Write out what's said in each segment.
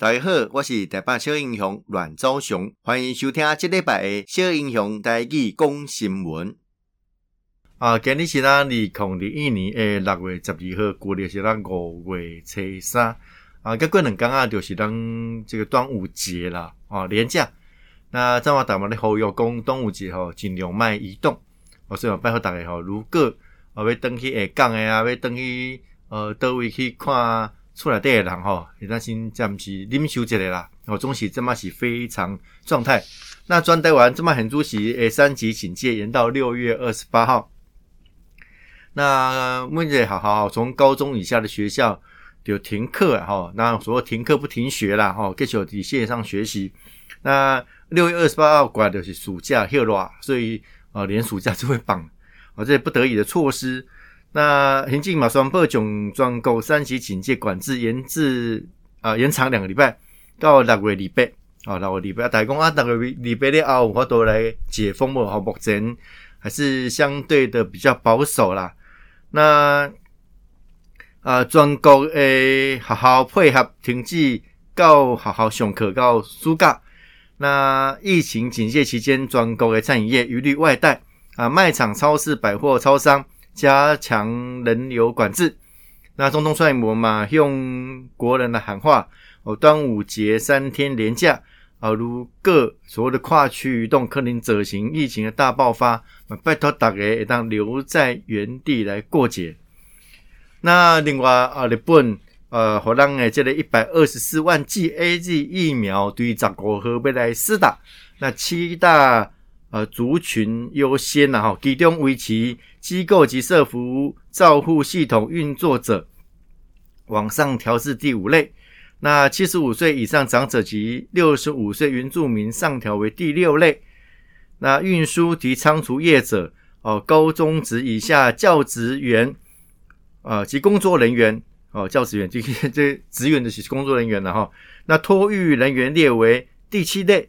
大家好，我是台北小英雄阮昭雄，歡迎收聽這禮拜嘅小英雄大吉講新聞。啊，今日是咱二零二一年誒，六月十二號過了是咱五月初三啊，咁過兩天啊，就是咱這個端午節啦啊，連假。那正話打麻咧，好要講端午節吼、啊，盡量賣移動。啊、我先拜托大家吼、啊，如果我要登去下港嘅啊，要登去、啊、要去呃，到位去看、啊。出來第二人哈、喔，你擔心，這不你們收一個啦，哦，總是這麼是非常狀態。那專帶完，這麼很多席誒，三級警戒延到六月二十八號。那目前好好好，從高中以下的學校就停課哈、喔，那所謂停課不停學啦哈，繼、喔、續在線上學習。那六月二十八號過來就是暑假歇了，所以呃，連暑假都會放。哦、喔，這也不得已的措施。那現今嘛宣布將，全國三級警戒管制延至啊延長兩個禮拜到六月禮拜，啊、哦、六月禮拜大概講啊六個禮拜咧啊，有法度來解封了。好目前還是相對的比較保守啦。那啊、呃，全國誒，好好配合停機到好好上課到暑假。那疫情警戒期間，全國誒餐飲業一律外帶啊，賣場、超市、百貨、超商。加強人流管制。那中東帥模嘛，用國人的喊話：哦，端午節三天連假。哦，如各所謂的跨區移動可能造成疫情的大爆發，拜託大家也當留在原地來過節。那另外啊，日本呃，荷蘭誒，借了一百二十四萬劑 AZ 疫苗，對於15號要來施打。那七大呃，族群優先，然後其中為其機構及社福照護系統運作者往上調至第五類。那七十五歲以上長者及六十五歲原住民上調為第六類。那運輸及倉儲業者，哦，高中職以下教職員，啊，及工作人員，哦，教職員就是這職員的工作人員了，哈。那托育人員列為第七類。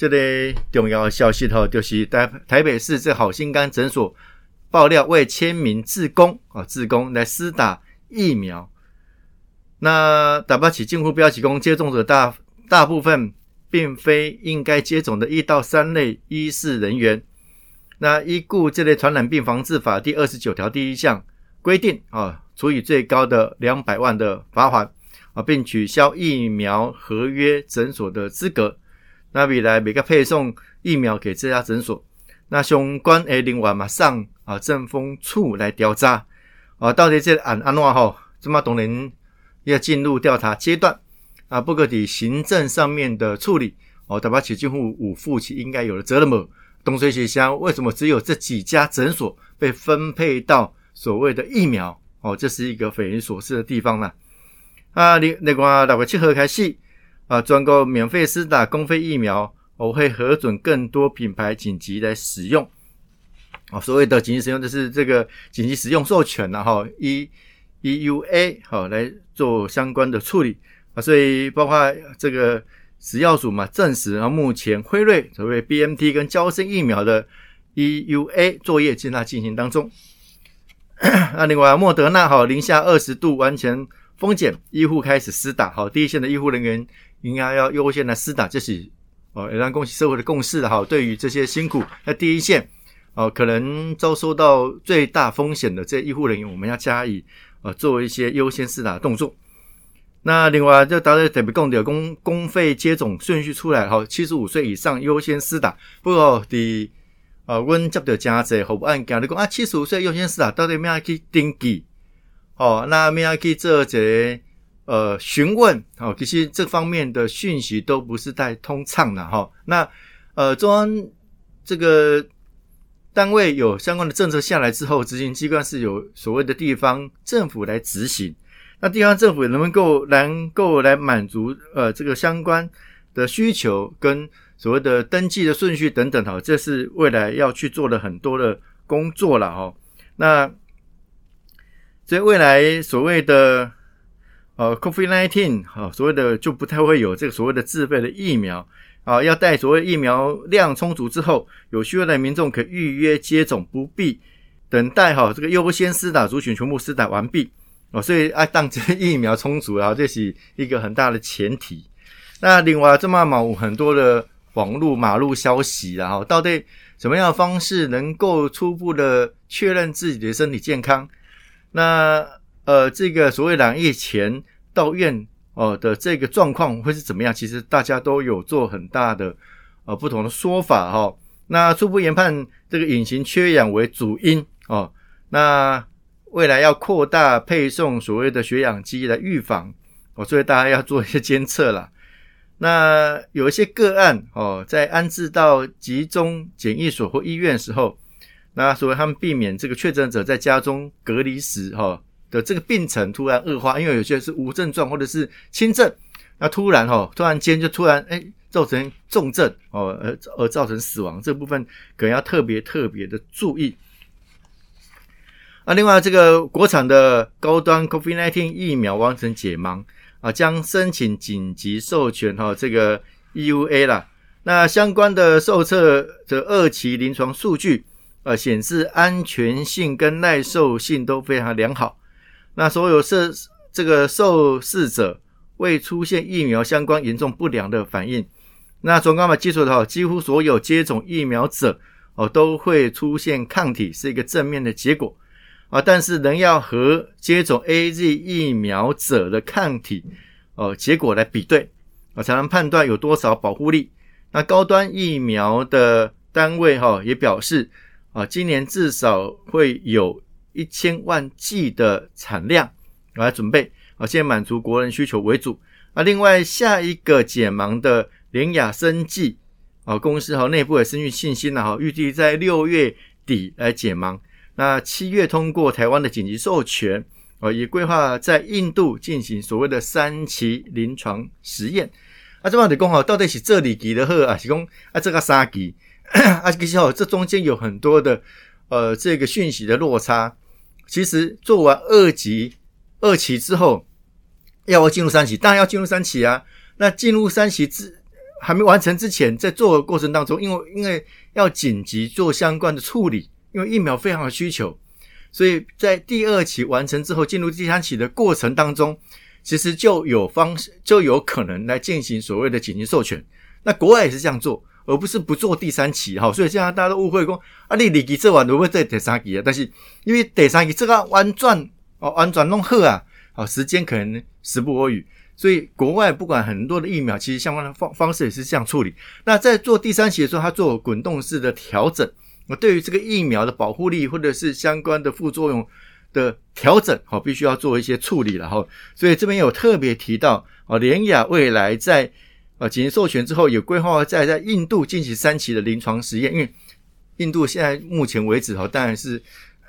這類重要的消息頭，就是台台北市這好心肝診所爆料為千名志工，啊志工來施打疫苗，那打不起近乎標起公接種者大大部分並非應該接種的一到三類醫事人員，那依顧這類傳染病防治法第二十九條第一項規定啊，處以最高的兩百萬的罰款啊，並取消疫苗合約診所的資格。那未來每個配送疫苗給這家診所，那相關誒另外，馬上啊政風處來調查啊，到底這安安話吼，怎麼懂能要進入調查階段啊？不過底行政上面的處理哦，特別起，政府五副期應該有了責任某東水學校為什麼只有這幾家診所被分配到所謂的疫苗哦？這是一個匪夷所思的地方啦、啊。啊！你那個大概從合開始。啊，專購免費施打公費疫苗，我、哦、會核准更多品牌緊急來使用。啊，所謂的緊急使用就是這個緊急使用授權了、啊、哈、哦、，E E U A 好、哦、來做相關的處理啊。所以包括這個食藥署嘛，證實啊，目前輝瑞所謂 B M T 跟嬌生疫苗的 E U A 作業正在進行當中。那、 啊、另外、啊、莫德納哈、哦，零下二十度完成封緘，醫護開始施打，好、哦、第一線的醫護人員。應該要優先來施打，這是哦，也讓恭喜社會的共識的哈、哦。對於這些辛苦在第一線，哦，可能遭受到最大風險的這些醫護人員，我們要加以呃、哦、做一些優先施打的動作。嗯、那另外就大家特別公的公公費接種順序出來哈，七十五歲以上優先施打。不過的呃問這的家長好，不按講你講啊，七十五歲優先施打到底咩去登記？哦，那咩去做這？呃，詢問，好，其實這方面的訊息都不是太通暢的哈、哦。那呃，中央這個單位有相關的政策下來之後，執行機關是由所謂的地方政府來執行。那地方政府能夠能夠來滿足呃這個相關的需求，跟所謂的登記的順序等等，哈、哦，這是未來要去做的很多的工作了哈、哦。那所以未來所謂的。呃、哦、COVID-19，哈、哦，所謂的就不太會有這個所謂的自費的疫苗，啊，要帶所謂疫苗量充足之後，有需要的民眾可預約接種，不必等待哈、哦，這個優先施打族群全部施打完畢，哦，所以啊，當這疫苗充足，啊，這是一個很大的前提。那另外這麼滿很多的網絡馬路消息啊，哈，到底什麼樣的方式能夠初步的確認自己的身體健康？那？呃，這個所謂兩夜前到院哦的這個狀況會是怎麼樣？其實大家都有做很大的呃不同的說法哈、哦。那初步研判這個隱形缺氧為主因哦。那未來要擴大配送所謂的血氧機來預防，我、哦、所以大家要做一些監測啦。那有一些個案哦，在安置到集中檢疫所或醫院時候，那所謂他們避免這個確診者在家中隔離時哈。哦的這個病程突然惡化，因為有些是無症狀或者是輕症，那突然吼，突然間就突然哎、欸、造成重症哦，而而造成死亡這部分可能要特別特別的注意。啊，另外這個國產的高端 COVID-19 疫苗完成解盲啊，將申請緊急授權哈、啊，這個 EUA 了。那相關的受測的二期臨床數據啊，顯示安全性跟耐受性都非常良好。那所有受這個受試者未出現疫苗相關嚴重不良的反應。那從剛才計算的話，幾乎所有接種疫苗者哦都會出現抗體，是一個正面的結果啊。但是仍要和接種 AZ 疫苗者的抗體哦結果來比對啊，才能判斷有多少保護力。那高端疫苗的單位哈也表示啊，今年至少會有，一千萬劑的產量來準備，啊，現在滿足國人需求為主。啊，另外下一個解盲的聯亞生技。啊，公司哈內部的生育信心呢，哈，預計在六月底來解盲。那七月通過台灣的緊急授權，啊，也規劃在印度進行所謂的三期臨床實驗。啊，這嘛你講哈，到底是這裡給的貨啊，還是講啊這個啥給？啊，可是哈，這中間有很多的呃，這個訊息的落差。其實做完二期，二期之後，要要進入三期，當然要進入三期啊。那進入三期之還沒完成之前，在做的過程當中，因為因為要緊急做相關的處理，因為疫苗非常的需求，所以在第二期完成之後，進入第三期的過程當中，其實就有方就有可能來進行所謂的緊急授權。那國外也是這樣做。而不是不做第三期哈，所以現在大家都誤會說啊，你你二期做完，不會在第三期啊。但是因為第三期這個玩轉哦，玩轉弄好啊，好時間可能時不我與，所以國外不管很多的疫苗，其實相關的方方式也是這樣處理。那在做第三期的時候，他做滾動式的調整，那對於這個疫苗的保護力或者是相關的副作用的調整，好，必須要做一些處理了哈。所以這邊有特別提到哦，聯亞未來在。呃，緊急授權之後，有規劃在在印度進行三期的臨床實驗，因為印度現在目前為止哈，當然是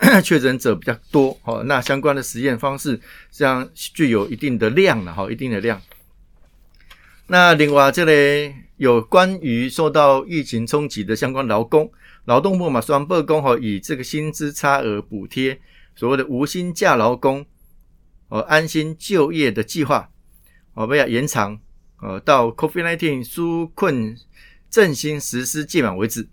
確診者比較多，哈，那相關的實驗方式這樣具有一定的量了哈，一定的量。那另外這裡有關於受到疫情衝擊的相關勞工，勞動部嘛，雙倍工哈，以這個薪資差額補貼所謂的無薪假勞工，哦，安心就業的計劃，我們要延長。呃到 COVID-19 紓困振興實施屆滿為止，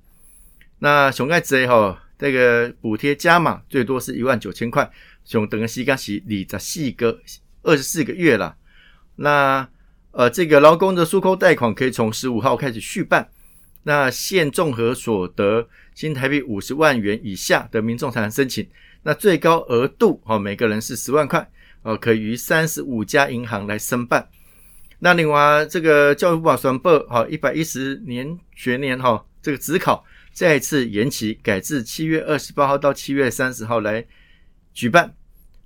那熊蓋子也好，這個補貼加碼最多是一萬九千塊，熊等個吸乾血，你西吸個二十四個月了。那呃，這個勞工的紓困貸款可以從十五號開始續辦，那限綜合所得新台幣五十萬元以下的民眾才能申請，那最高額度哦，每個人是十萬塊哦，可以於三十五家銀行來申辦。那另外，這個教育部宣布，哈，一百一十年學年哈，這個指考再次延期，改至七月二十八號到七月三十號來舉辦。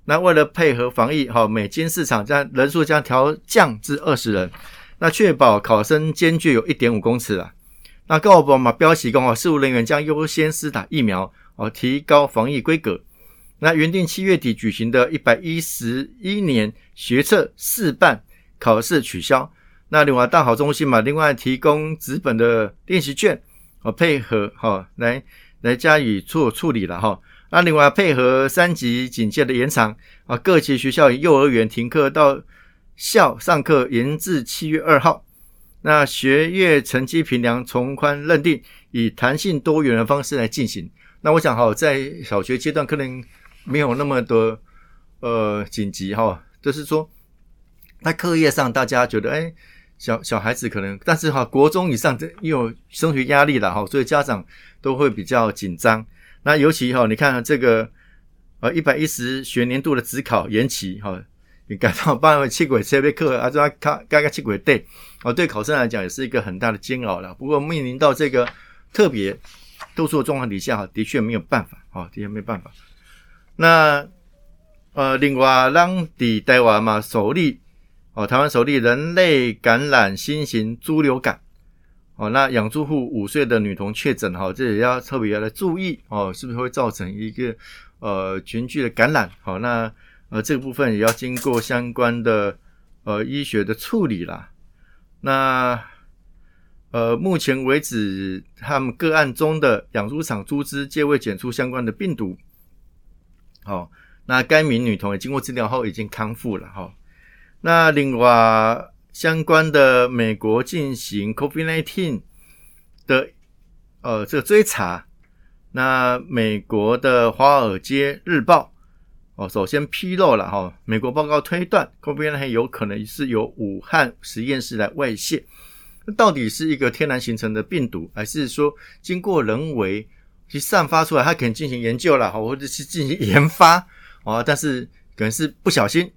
那為了配合防疫，哈，每間試場將人數將調降至二十人，那確保考生間距有一點五公尺啊，那教育部嘛，標旗工哈，試務人員將優先施打疫苗，哦，提高防疫規格。那原定七月底舉行的一百一十一年學測試辦。考試取消，那另外大好中心嘛，另外提供紙本的練習卷，啊、哦、配合哈、哦、來來加以做處、處理了哈、哦。那另外配合三級警戒的延長啊，各級學校、幼兒園停課到校上課延至七月二號。那學業成績評量從寬認定，以彈性多元的方式來進行。那我想好、哦、在小學階段可能沒有那麼多呃緊急哈、哦，就是說。那課業上，大家覺得，哎、欸，小小孩子可能，但是哈、哦，國中以上，這又有升學壓力了哈，所以家長都會比較緊張。那尤其哈、哦，你看這個，呃，一百一十學年度的指考延期哈，你、哦、感到辦了七軌車被課，啊，做啊，嘎嘎七軌對啊，對考生來講也是一個很大的煎熬了。不過面臨到這個特別特殊的狀況底下哈，的確沒有辦法，啊、哦，的確沒辦法。那，呃，另外，咱的台灣嘛，首例。哦，台灣首例人類感染新型豬流感。哦，那養豬戶五歲的女童確診，哈、哦，這也要特別要來注意，哦，是不是會造成一個呃群聚的感染？哦，那呃這個部分也要經過相關的呃醫學的處理啦。那呃目前為止，他們個案中的養豬場豬只皆未檢出相關的病毒。哦，那該名女童也經過治療後已經康復了，哈、哦。那另外相關的美國進行 COVID-19 的呃這個追查，那美國的《華爾街日報》哦，首先披露了哈、哦，美國報告推斷 COVID-19 有可能是由武漢實驗室來外洩。那到底是一個天然形成的病毒，還是說經過人為其實散發出來？它可能進行研究了哈，或者是進行研發哦，但是可能是不小心。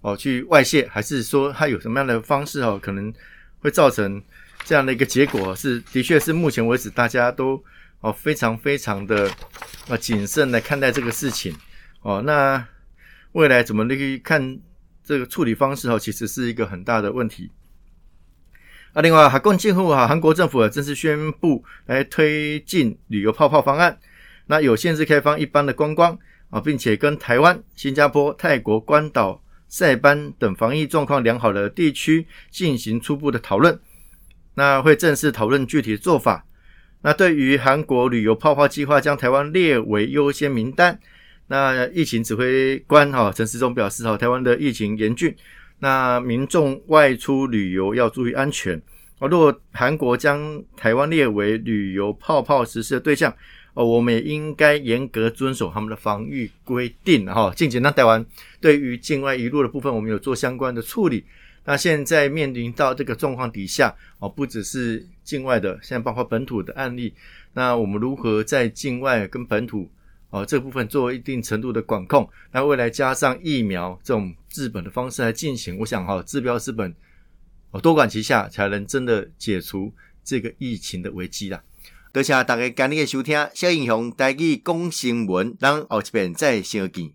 哦，去外洩，還是說他有什麼樣的方式哦？可能會造成這樣的一個結果，是的確是目前為止大家都哦非常非常的啊謹慎來看待這個事情哦。那未來怎麼去看這個處理方式哦？其實是一個很大的問題。啊，另外，韓共政府哈，韓國政府正式宣布來推進旅遊泡泡方案，那有限制開放一般的觀光啊，並且跟台灣、新加坡、泰國、關島。塞班等防疫狀況良好的地區進行初步的討論，那會正式討論具體的做法。那對於韓國旅遊泡泡計劃將台灣列為優先名單，那疫情指揮官哈陳時中表示哈，台灣的疫情嚴峻，那民眾外出旅遊要注意安全。如果韓國將台灣列為旅遊泡泡實施的對象。哦，我們也應該嚴格遵守他們的防疫規定，哈、哦。近期那台灣對於境外移入的部分，我們有做相關的處理。那現在面臨到這個狀況底下，哦，不只是境外的，現在包括本土的案例，那我們如何在境外跟本土，哦，這部分做一定程度的管控？那未來加上疫苗這種治本的方式來進行，我想、哦，哈，治標治本，哦，多管齊下，才能真的解除這個疫情的危機啦、啊。多謝大家今日嘅收聽，小英雄台語講新聞，咱後一面再相見。